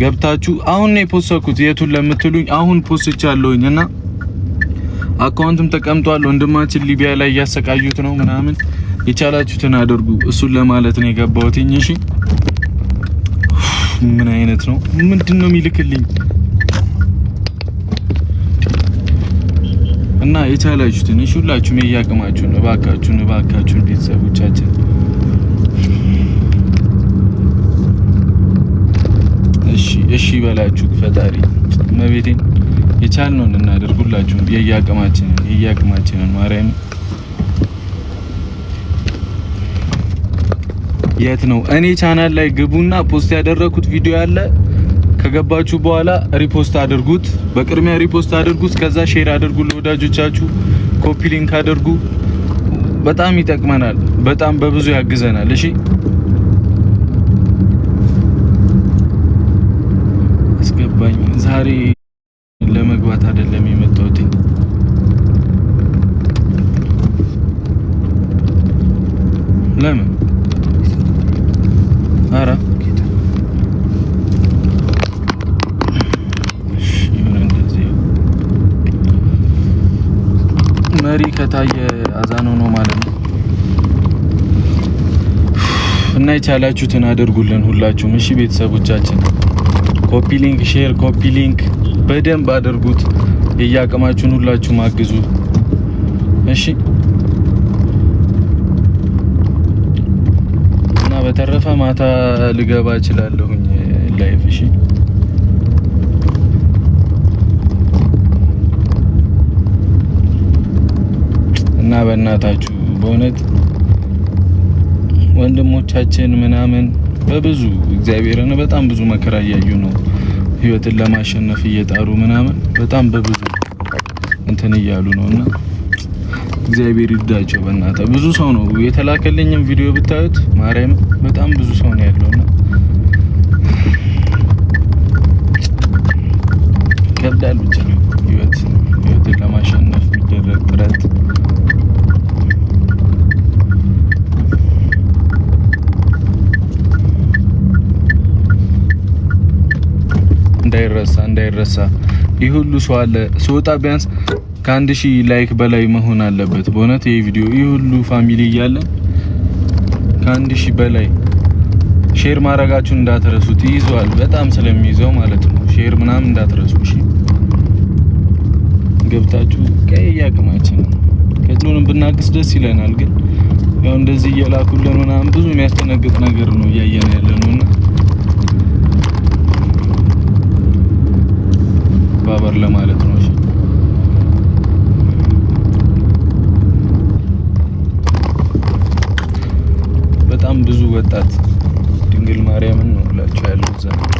ገብታችሁ አሁን ነው የፖሰኩት የቱን ለምትሉኝ አሁን ፖስች ያለሁኝ እና አካውንትም ተቀምጧል። ወንድማችን ሊቢያ ላይ እያሰቃዩት ነው ምናምን፣ የቻላችሁትን አድርጉ። እሱን ለማለት ነው የገባሁት። እሺ ምን አይነት ነው? ምንድን ነው የሚልክልኝ? እና የቻላችሁትን እሺ፣ ሁላችሁም የያቅማችሁን እባካችሁን፣ እባካችሁን ቤተሰቦቻችን ፈጣሪ መቤቴን የቻልነውን እናድርግ። የየአቅማችንን የየአቅማችንን ማርያም የት ነው እኔ ቻናል ላይ ግቡና ፖስት ያደረኩት ቪዲዮ አለ። ከገባችሁ በኋላ ሪፖስት አድርጉት፣ በቅድሚያ ሪፖስት አድርጉት። ከዛ ሼር አድርጉ ለወዳጆቻችሁ፣ ኮፒ ሊንክ አድርጉ። በጣም ይጠቅመናል፣ በጣም በብዙ ያግዘናል። እሺ ዛሬ ለመግባት አይደለም የመጣሁት። ለምን? ኧረ መሪ ከታየ አዛኖ ነው ማለት ነው። እና የቻላችሁትን አድርጉልን ሁላችሁም። እሺ ቤተሰቦቻችን ኮፒ ሊንክ፣ ሼር፣ ኮፒ ሊንክ በደንብ አድርጉት። የየአቅማችሁን ሁላችሁ ማግዙ እሺ እና በተረፈ ማታ ልገባ እችላለሁኝ ላይፍ። እሺ እና በእናታችሁ በእውነት ወንድሞቻችን ምናምን በብዙ እግዚአብሔርን በጣም ብዙ መከራ እያዩ ነው ህይወትን ለማሸነፍ እየጣሩ ምናምን በጣም በብዙ እንትን እያሉ ነው እና እግዚአብሔር ይርዳቸው። በእናተ ብዙ ሰው ነው የተላከልኝም ቪዲዮ ብታዩት ማርያም በጣም ብዙ ሰው ነው ያለው እንዳይረሳ እንዳይረሳ። ይህ ሁሉ ሰው አለ ስወጣ ቢያንስ ከአንድ ሺህ ላይክ በላይ መሆን አለበት። በእውነት ይሄ ቪዲዮ ይህ ሁሉ ፋሚሊ እያለን ከአንድ ሺህ በላይ ሼር ማድረጋችሁን እንዳትረሱት። ይዟል በጣም ስለሚይዘው ማለት ነው። ሼር ምናምን እንዳትረሱ እሺ። ገብታችሁ ቀይ አቅማችን ከጥሉንም ብናግስ ደስ ይለናል። ግን ያው እንደዚህ እየላኩልን ምናምን ብዙ የሚያስተነግጥ ነገር ነው እያየን ያለነውና ጨመር ለማለት ነው። እሺ በጣም ብዙ ወጣት ድንግል ማርያምን ነው ብላችሁ ያለው ዘንድ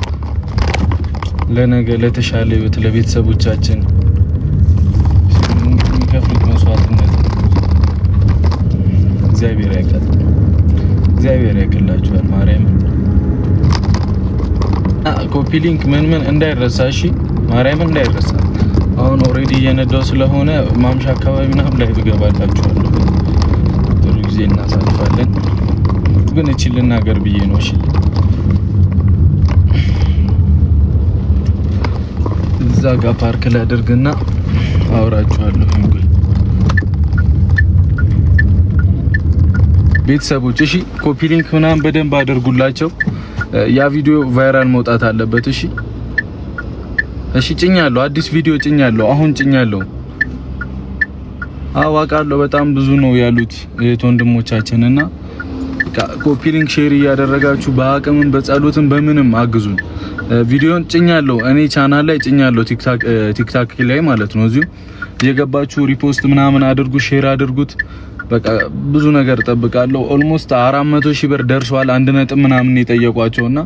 ለነገ ለተሻለ ህይወት ለቤተሰቦቻችን የሚከፍሉት መስዋዕትነት እግዚአብሔር ያውቃል። እግዚአብሔር ያውቅላችኋል። ማርያምን ኮፒ ሊንክ ምን ምን እንዳይረሳ እሺ። ማርያም እንዳይረሳ። አሁን ኦሬዲ እየነዳው ስለሆነ ማምሻ አካባቢ ምናምን ላይ ብገባላችኋለሁ። ጥሩ ጊዜ እናሳልፋለን። ግን እቺ ልናገር ብዬ ነው። እሺ እዛ ጋር ፓርክ ላድርግና አውራችኋለሁ። እንግዲህ ቤተሰቦች እሺ፣ ኮፒ ሊንክ ምናምን በደንብ አድርጉላቸው። ያ ቪዲዮ ቫይራል መውጣት አለበት። እሺ እሺ ጭኛለሁ። አዲስ ቪዲዮ ጭኛለሁ። አሁን ጭኛለሁ። አዋቃለሁ። በጣም ብዙ ነው ያሉት እህት ወንድሞቻችን እና ኮፒ ሼር እያደረጋችሁ በአቅምም በጸሎትም በምንም አግዙን። ቪዲዮን ጭኛለሁ እኔ ቻናል ላይ ጭኛለሁ፣ ቲክታክ ላይ ማለት ነው። እዚሁ የገባችሁ ሪፖስት ምናምን አድርጉ፣ ሼር አድርጉት። በቃ ብዙ ነገር እጠብቃለሁ። ኦልሞስት 400 ሺህ ብር ደርሷል። አንድ ነጥብ ምናምን የጠየቋቸውና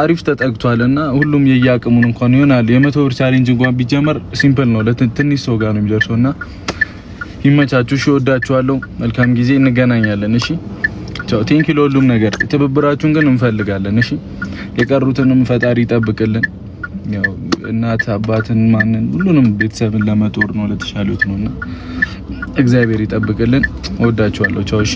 አሪፍ ተጠግቷል እና ሁሉም የየአቅሙን እንኳን ይሆናል። የመቶ ብር ቻሌንጅ እንኳን ቢጀመር ሲምፕል ነው፣ ለትንሽ ሰው ጋር ነው የሚደርሰው። እና ይመቻችሁ፣ እሺ። መልካም ጊዜ። እንገናኛለን። እሺ፣ ቻው። ቴንኪው ለሁሉም ነገር። ትብብራችሁን ግን እንፈልጋለን። እሺ፣ የቀሩትንም ፈጣሪ ይጠብቅልን። ያው እናት አባትን፣ ማንን፣ ሁሉንም ቤተሰብን ለመጦር ነው ለተሻሉት ነውና እግዚአብሔር ይጠብቅልን። እወዳችኋለሁ። ቻው። እሺ።